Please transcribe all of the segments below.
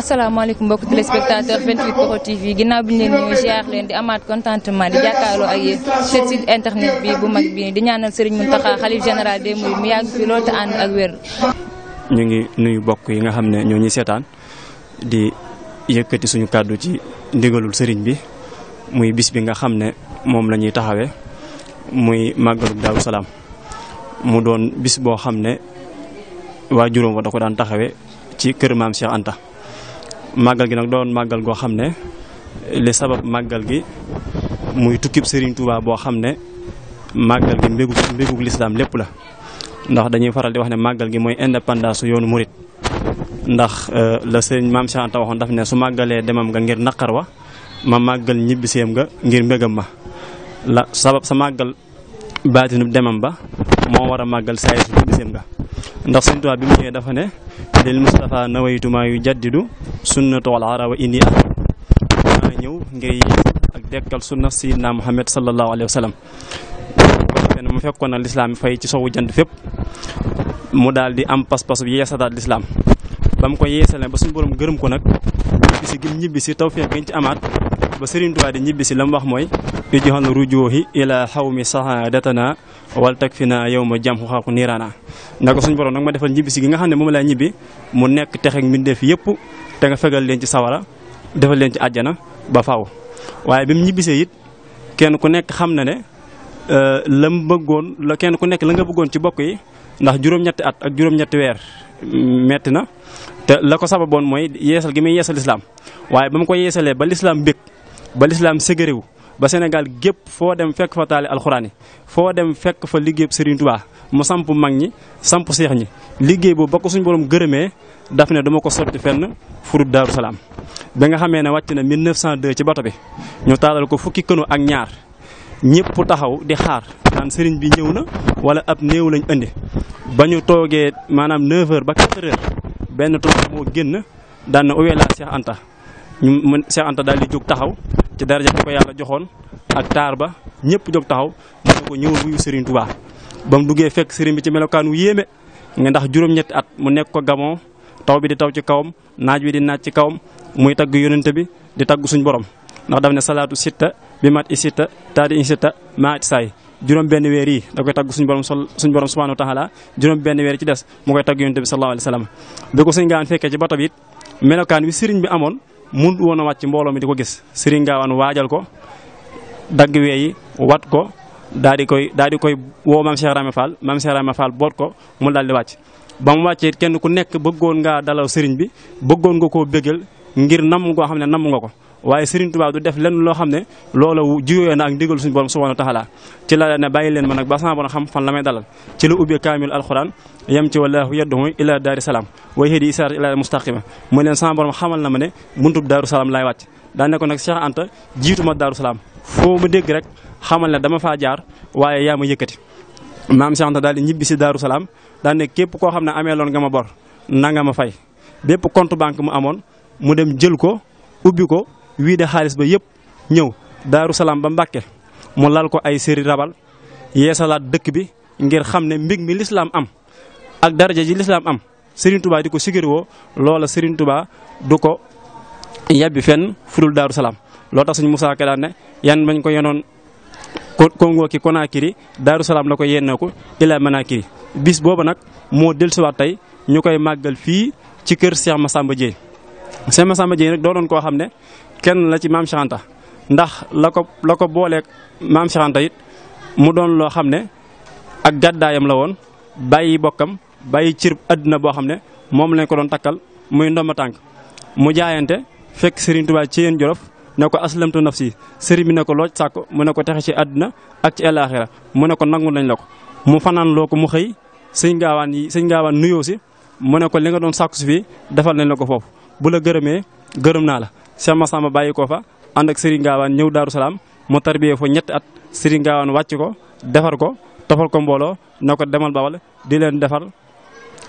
asalaamaaleykum mbokk téléspectateur 28 Pro TV ginnaaw bi ñu leen nuyu ziar leen di amaat contentement di jàkkaarloo ak yéen seen internet bi bu mag bi di ñaanal sëriñ Mountakha xalif général des Mourides mu yàgg fi loolu te ak wér. ngi nuyu bokk yi nga xam ne ñoo ñuy seetaan di yëkkati suñu kàddu ci ndigalul Serigne bi muy bis bi nga xam ne moom la ñuy taxawee muy màggalu Daaru Salaam mu doon bis boo xam ne waa juróom wa da ko daan taxawee. ci kër maam Cheikh Anta màggal gi nag doon màggal goo xam ne li sabab màggal gi muy tukkib Serigne Touba boo xam ne màggal gi mbégug mbégug lépp la ndax dañuy faral di wax ne màggal gi mooy indépendance su yoonu murit ndax euh, la sëriñ maam Cheikh Anta waxoon daf ne su màggalee demam nga ngir naqar wa ma màggal ñibbiseem nga ngir mbégam ma la sabab sa màggal baatinub demam ba moo war a màggal saa yi su ñibbiseem nga ndax Sëñ Tuubaa bi mu ñëwee dafa ne lil Mustafa nawaytu maa yu jaddidu sunnatu wal ara wa indi ah maa ñëw ngir ak dekkal sunna Sayyidina Muhammad sallallahu alayhi wa sallam fenn mu fekkoon na lislaam yi fay ci sowu jant fépp mu daal di am pas-pas bi yeesataat lislaam ba mu ko yeesale ba suñu borom gërëm ko nag ñibbisi gim ñibbisi tawfeex gën ci amaat ba Sëriñ Tuubaa di ñibbi si la mu wax mooy ijhal rujuhi ila xawmi sahaadatana wal takfina yawma jamhu xaqu niirana na ko suñ borom nag ma defal ñibbi si gi nga xam ne moom laa ñibbi mu nekk yëpp te nga fegal leen ci sawara defal leen ci àjjana ba faaw waaye bi mu ñibbisee it kenn ku nekk xam na ne euh, la mu bëggoon kenn ku nekk la nga bëggoon ci bokk yi ndax juróom-ñetti at ak juróom-ñetti weer mm, metti na te la ko sababoon mooy yeesal gi muy yeesal lislaam waaye ba mu ko yeesalee ba lislaam bëgg ba lislaam sëgëriw ba Sénégal gépp foo dem fekk fa taali alxuraan yi foo dem fekk fa liggéey Serigne Touba mu samp mag ñi samp seex ñi liggéey boobu ba ko suñu borom gërëmee daf ne dama ko sotti fenn furut Daaru Salaam. ba nga xamee ne wàcc na 1902 ci bato bi ñu taalal ko fukki kënu ak ñaar ñëpp taxaw di xaar naan Serigne bi ñëw na wala ab néew lañ indi ba ñu toogee maanaam 9h ba 4 benn tool moo génn daan na uwee laa Seex Anta ñu Seex Anta daal di jóg taxaw. ci daraja bi ko yàlla joxoon ak taar ba ñëpp jóg taxaw mu ne ko ñëwal wuyu Serigne Touba ba mu duggee fekk Serigne bi ci melokaan wu yéeme nga ndax juróom-ñetti at mu nekk ko gamoo taw bi di taw ci kawam naaj bi di naaj ci kawam muy tagg yonent bi di tagg suñ borom ndax daf ne salaatu sitta bi mat i sitta taadi i sitta maa ci saay juróom benn weer yi da koy tagg suñ borom sol suñ borom subhanahu wa taala juróom benn weer ci des mu koy tagg yonent bi sallallahu alayhi wa sallam sëriñ bi amoon mënut woon a wàcc mbooloo mi di ko gis Serigne Gaawaan waajal ko dagg weeyi wat ko daal di koy daal di koy woo maam Cheikh Rame Fall maam Cheikh Rame Fall boot ko mu daal di wàcc. ba mu wàccee kenn ku nekk bëggoon ngaa dalal Serigne bi bëggoon nga koo bégal ngir namu goo xam ne namm nga ko waaye Serigne Touba du def lenn loo xam ne loola juyoo na ak ndigal suñu borom subhanahu wa taala ci la ne bàyyi leen ma nag ba sama borom xam fan la may dalal ci la ubbee kaamil alxuraan yem ci wallaahu yadduhu ila daari salaam way hedi isaar ila mustaqima mu leen sama borom xamal na ma ne buntub daaru salaam laay wàcc daa ne ko nag Cheikh Anta jiituma salaam foo ma dégg rek xamal ne dama faa jaar waaye yaa ma yëkkati maam Cheikh Anta daal di ñibbi si daaru salaam daa ne képp koo xam ne amee lool nga ma bor na nga ma fay bépp compte banque mu amoon mu dem jël ko ubbi ko wii de xaalis ba yëpp ñëw daaru salaam ba Mbàkke mu lal ko ay séri rabal yeesalaat dëkk bi ngir xam ne mbig mi lislaam am ak daraja ji lislaam am Serigne tubaa di ko sigariwoo loola Serigne tubaa du ko yabbi fenn fudul daaru salaam loo tax suñ Moussa Ka daan ne yan bañ ko yenoon Congo ki Conakry daaru salaam la ko yennee ko ila Manakiri bis boobu nag moo dellusiwaat tey ñu koy màggal fii ci kër Cheikh Massamba Dieye Cheikh Massamba Dieye nag doonoon koo xam kenn la ci maam Cheikh ndax la ko la ko booleek maam Cheikh Anta mu doon loo xam ne ak gàddaayam la woon bàyyi bokkam bàyyi cir àdduna boo xam ne moom lañ ko doon takkal muy ndomba tànk mu jaayante fekk Serigne Touba ci yéen jolof ne ko aslamtu si sëriñ bi ne ko looj sàkko mu ne ko texe ci àdduna ak ci alaaxira mu ne ko nangu nañ la ko mu fanaan loo ko mu xëy sëñ gaawaan yi sëñ gaawaan nuyoo si mu ne ko li nga doon sàkku si fii defal nañ la ko foofu bu la gërëmee gërëm naa la Cheikh Massamba bàyyi ko fa ànd ak Serigne Gaawaan ñëw Daaru Salaam mu tarbiyee fa ñetti at Serigne Gaawaan wàcc ko defar ko tofal ko mbooloo na ko demal bawal di leen defar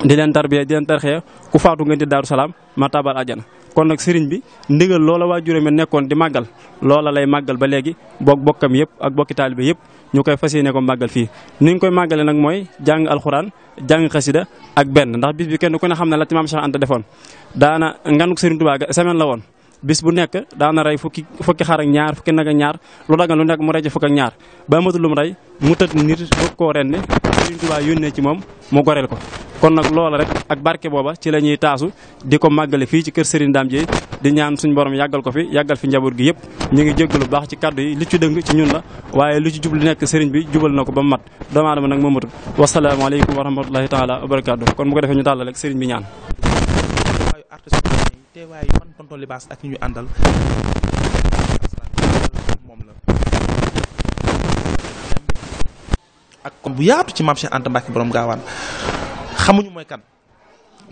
di leen tarbiyee di leen tarxee ku faatu ngeen di Daaru Salaam ma tabal àjjana kon nag Serigne bi ndigal loola waa juróomi nekkoon di màggal loola lay màggal ba léegi boog bokkam yëpp ak bokki taalibe yëpp ñu koy fas yéene ko màggal fii ni ñu koy màggale nag mooy jàng alxuraan jàng xasida ak benn ndax bis bi kenn ku ne xam ne la ci maam Cheikh Anta defoon daana nganuk Serigne Touba semaine la woon bis bu nekk daana rey fukki fukki xar ak ñaar fukki nag ak ñaar lu dagan lu nekk mu reje fukk ak ñaar ba amatul rey mu tëdd nit bëgg koo rende Sëriñ Tuubaa yónnee ci moom mu goreel ko kon nag loola rek ak barke booba ci la ñuy taasu di ko màggale fii ci kër Serigne Dame Dieye di ñaan suñ borom yàggal ko fi yàggal fi njaboot gi yëpp ñu ngi jégg lu baax ci kaddu yi li ci dëng ci ñun la waaye lu ci jub li nekk Serigne bi jubal na ko ba mu mat doomu aadama nag moo matul wasalaamaaleykum wa rahmatulahi taala wa barakaatu kon bu ko defee ñu tàllal rek Serigne bi teewaayu man tonton Libaas ak ñu àndal la ak kon bu yaatu ci maam Cheikh Anta Mbacke borom gaawaan xamuñu mooy kan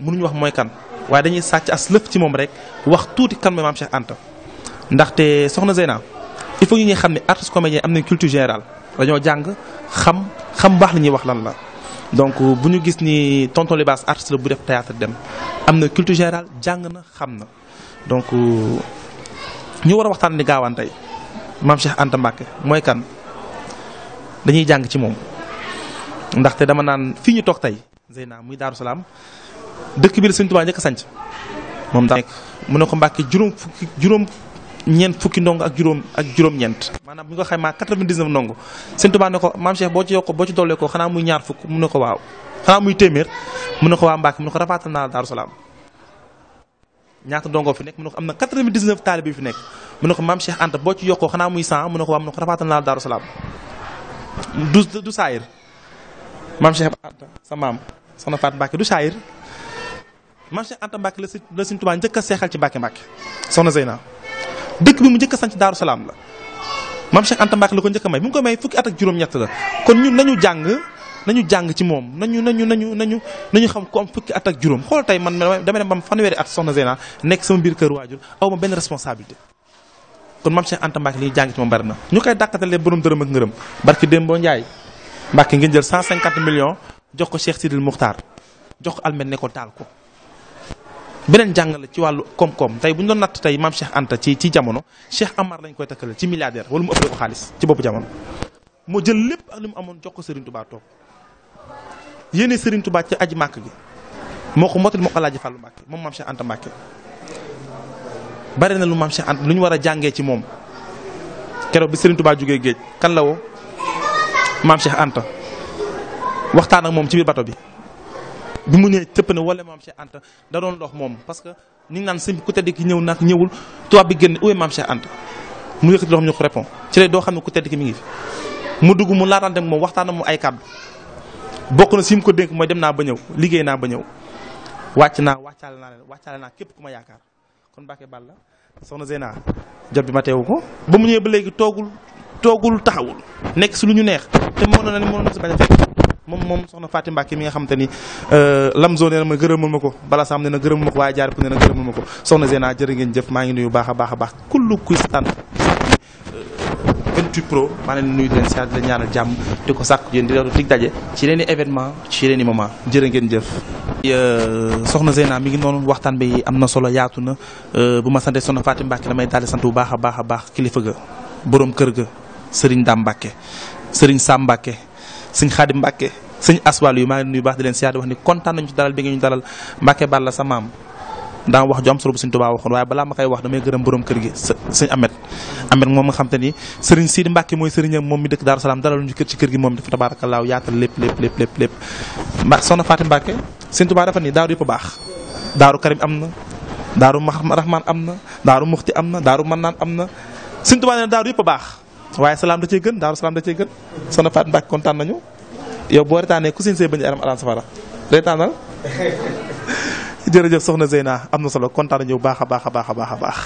mënuñu wax mooy kan waaye dañuy sàcc as lëf ci moom rek wax tuuti kan mooy maam Cheikh Anta ndaxte soxna Zeyna il faut ñu ñuy xam ne artiste comédien am nañ culture général dañoo jàng xam xam baax li ñuy wax lan la donc euh, bu ñu gis ni tonton Libaas artiste la bu def théâtre dem am na culture générale jàng na xam na donc euh, ñu war a waxtaan li gaawaan tey maam Cheikh Anta Mbacke mooy kan dañuy jàng ci moom ndaxte dama naan fii ñu toog tey Zeyna muy Daaru dëkk bi la Sëñ Tuubaa njëkk a sanc moom daa nekk mu ne ko Mbacke juróom juróom ñeent fukki ndongo ak juróom ak juróom-ñeent maanaam bi nga ko xaymaa 99 ndongo sëñ Tuubaa ne ko maam boo ci yokk boo ci dollee ko xanaa muy ñaar fukk mu ko waaw xanaa muy mu ne ko waa mu ko rafaatal naa la Daaru Salaam ñaata ndongo fi nekk mu am na 99 taalibe bi fi nekk mu ne ko maam Cheikh Anta boo ci yokkoo xanaa muy 100 mu ne ko waa mu ne ko rafaatal naa la du saayir maam Cheikh Anta sa maam soxna Faat Mbàkke du saayir maam Cheikh Anta Mbàkke la si la Sëñ Tuubaa njëkk a seexal ci Mbàkke Mbàkke soxna Zeyna dëkk bi mu njëkk a sanc Daaru Salaam la maam Cheikh Anta la ko njëkk may bu mu ko may fukki at ak juróom-ñett la kon ñun nañu jàng nañu jàng ci moom nañu nañu nañu nañu nañu xam ku am fukki at ak juróom xool tey man dama dem ba am fanweeri at soxna Zeyna nekk sama biir kër waajur aw ma benn responsabilité kon maam Cheikh Anta li ñuy jàng ci moom bari na ñu koy dàqatalee borom dërëm ak ngërëm barki Dembo Ndiaye Mbacke ngeen jël 150 million jox ko Cheikh Sidil Moukhtar jox ko ne ko taal ko beneen jàngale ci wàllu koom-koom tey bu ñu doon natt tey maam Cheikh Anta ci ci jamono Cheikh Amar lañ koy takkale ci milliardaire wala mu ëppale ko xaalis ci boppu jamono. moo jël lépp ak li mu amoon jox ko Serigne Touba toog yéene Serigne Touba ci aji màkk gi moo ko mottali moo ko Alaaji Fàllu Mbàkke moom maam Cheikh Anta Mbàkke bare na lu maam Cheikh Anta lu ñu war a jàngee ci moom keroog bi Serigne Touba jógee géej kan la woo maam Cheikh Anta waxtaan ak moom ci biir bato bi. bi mu ñëwee tëpp na wala maam Cheikh Anta da moom parce que ni naan sëñ bi ku tedd ki ñëw nag ñëwul tubaab bi génn uwe maam Cheikh mu yëkkati loo ko répond ci doo xam ne ku tedd ki mi ngi fi mu dugg mu dem moom waxtaana mu ay kàddu bokk na si mu ko dénk mooy dem naa ba ñëw liggéey naa ba ñëw wàcc naa wàccaale naa leen wàccaale naa képp ku ma yaakaar kon Mbacke Balla soxna Zeyna jot bi ma teewu ko ba mu ñëwee ba léegi toogul toogul taxawul nekk si lu ñu neex te na a fekk moom moom soxna Faati Mbàkke mi nga xam ni euh, Lamzo nee na ma gërëmal ma ko bala sam ne na gërëmal ma ko na gërëmal ma ko soxna Zena jërë jëf maa ngi nuyu baax a baax a baax kullu kuy setaan 28 euh, pro maa leen nuyu di jàmm di ko sàkk yéen di leen daje ci leen i événement ci leen i ngeen jëf euh, soxna Zeyna mi ngi noonu waxtaan bi am na solo yaatu na bu ma sante soxna Fatim Mbàkke damay daal di sant bu baax a baax a baax kilifa ga boroom kër ga sëriñ Daam Mbàkke sëriñ Sam Mbàkke sëñ Xaadim Mbàkke sëñ aswal yu maa ngi nuyu baax di leen siyaar di wax ni kontaan nañu ci dalal bi nga ñu dalal Mbàkke Balla sa maam daan wax ju am solo bu sëñ Tuubaa waxoon waaye balaa ma koy wax damay gërëm borom kër gi sëñ Amet Amet moom nga xam te ni sëriñ Sidi Mbàkke mooy sëriñam moom mi dëkk Daaru Salaam dalal ñu kër ci kër gi moom dafa tabaarakallaahu yaatal lépp lépp lépp lépp lépp mbaa soxna Faati Mbàkke sëñ Tuubaa dafa daaru yëpp baax daaru Karim am na daaru Rahmaan am na daaru Muxti am na daaru Mannaan am na sëñ Tuubaa ne daaru yëpp baax waaye salaam da cee gën daaru salaam da cee gën soxna Faat Mbàkke kontaan nañu yow boo retaanee ku sin see bañ a aram safara retaanal jërëjëf soxna Zeyna am na solo kontaan nañu baax a baax a baax a baax a baax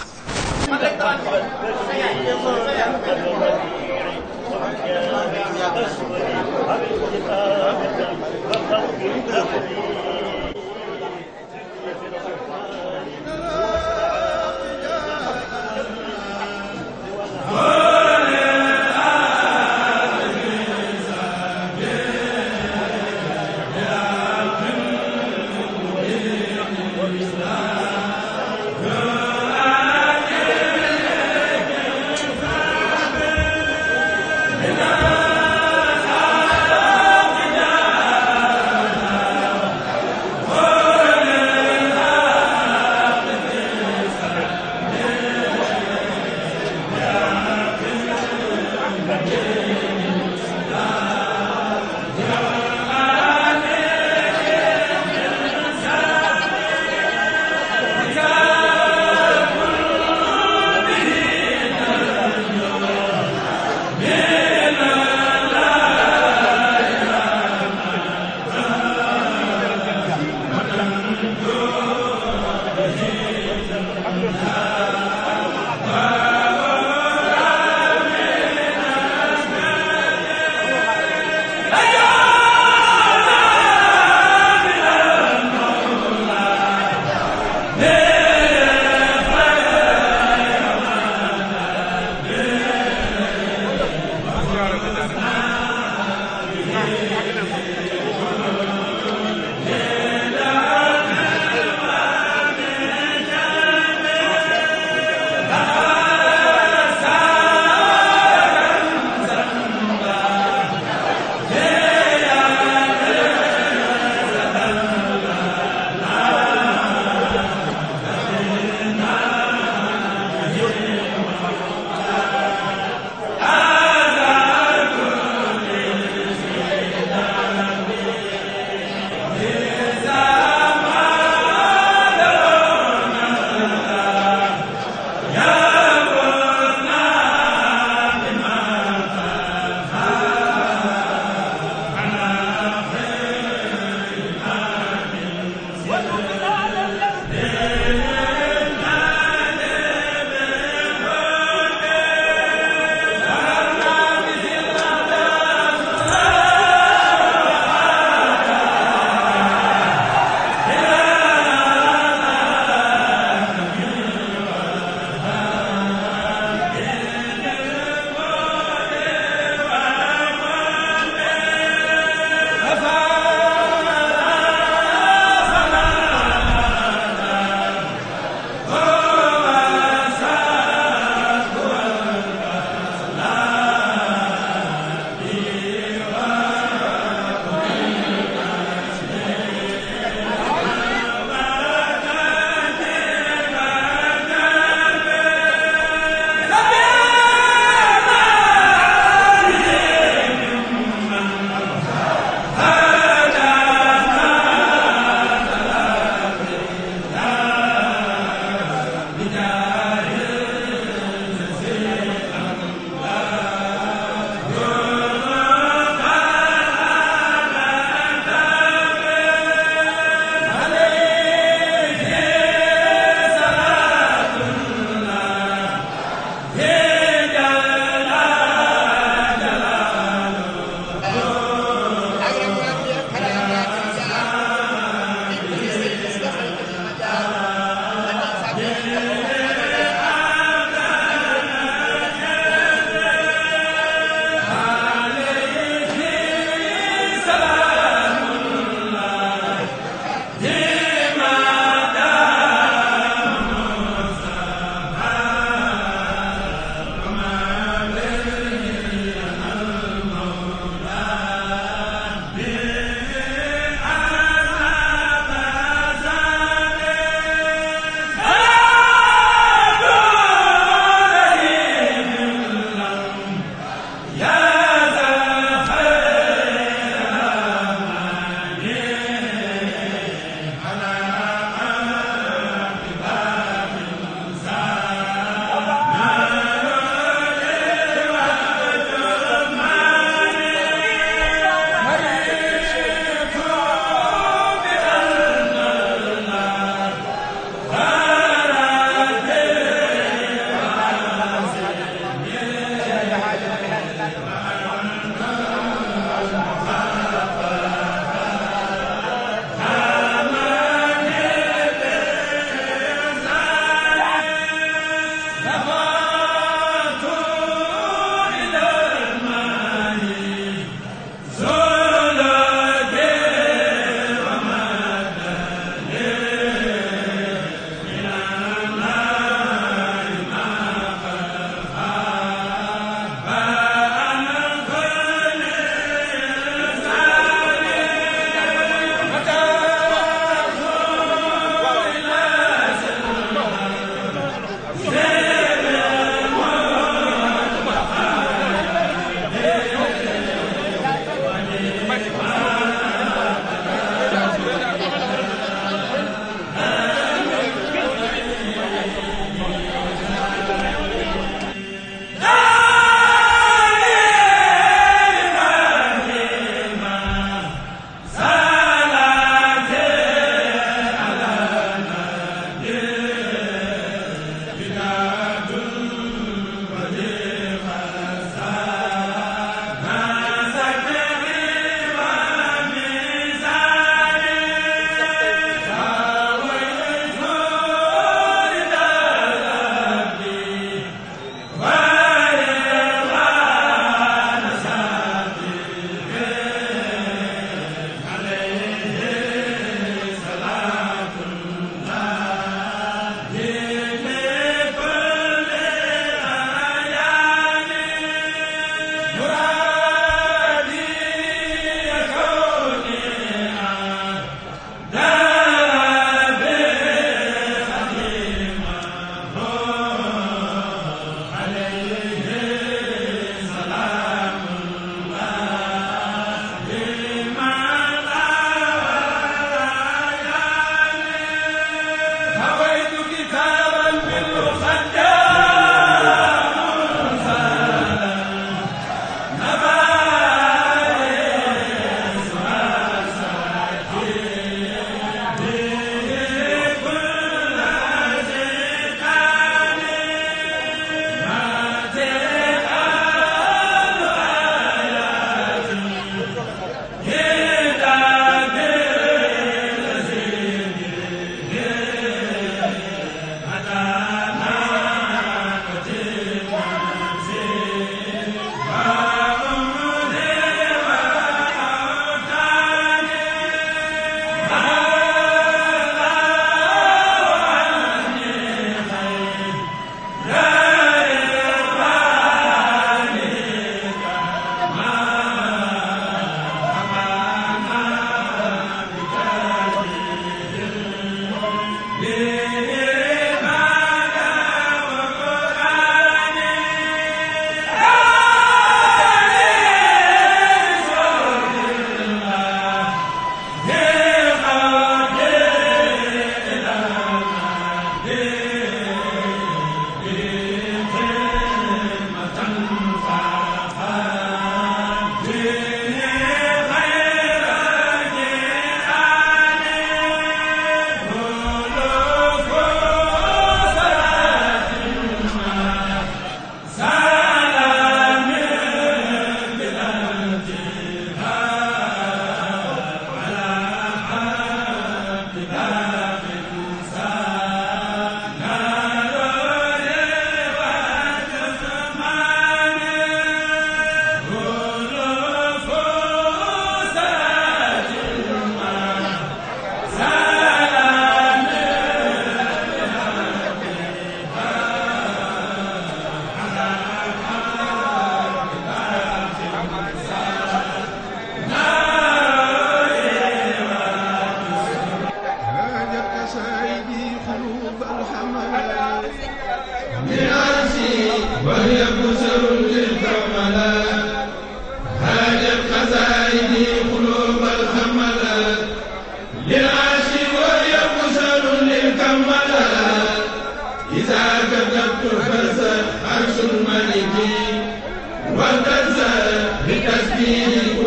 بالتسبيح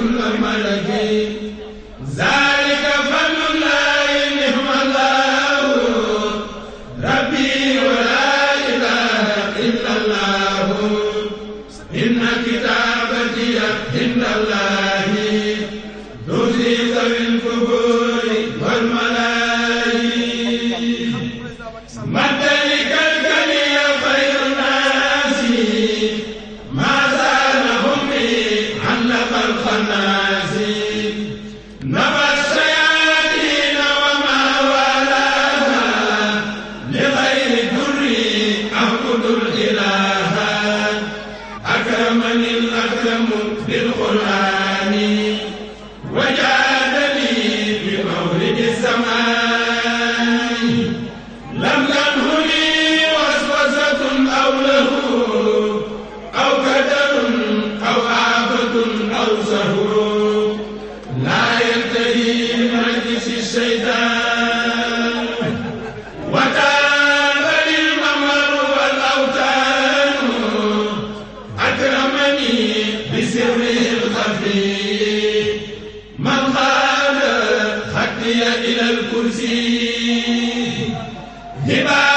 Iba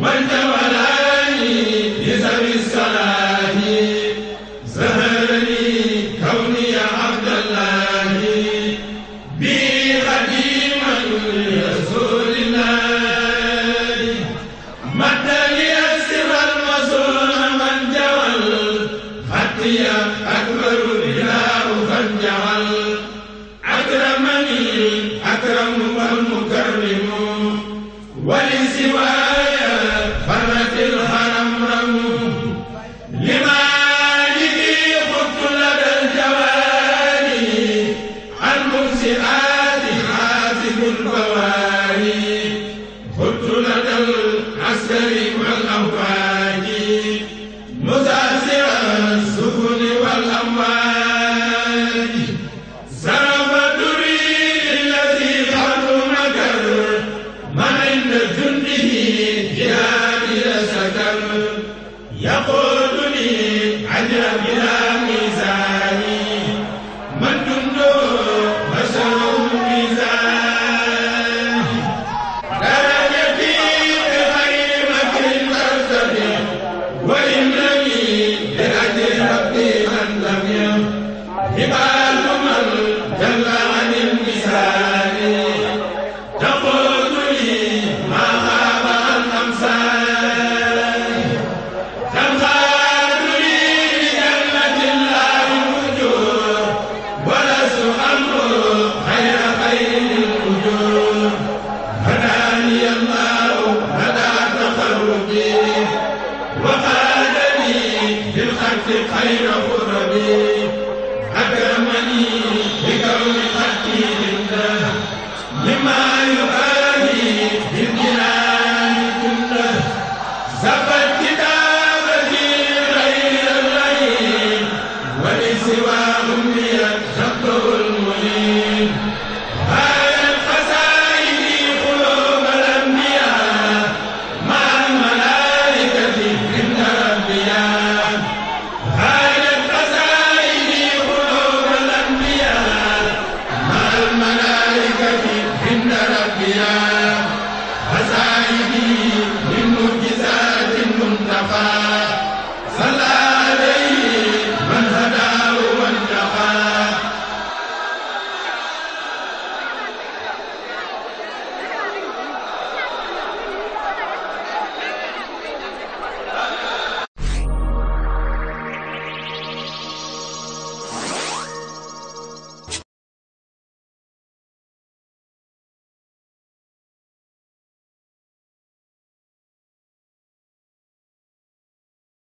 wal الأوفى